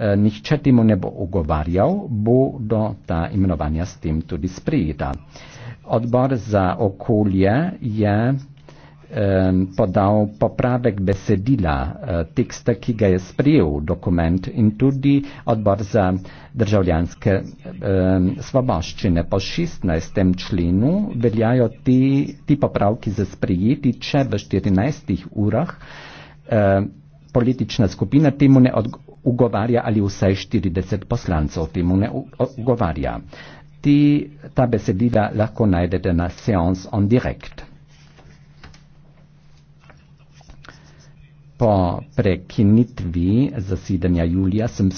Eh, nihče temu ne bo ogovarjal, bodo ta imenovanja s tem tudi sprejeta. Odbor za okolje je eh, podal popravek besedila eh, teksta, ki ga je sprejel dokument in tudi odbor za državljanske svoboščine. Po 16. členu veljajo ti, ti popravki za sprejeti, če v 14 urah politična skupina temu ne odgovarja ugovarja ali vsaj 40 poslancov temu ne ugovarja. Ti, ta besedila lahko najdete na Seance on Direct. Po prekinitvi zasedanja julija sem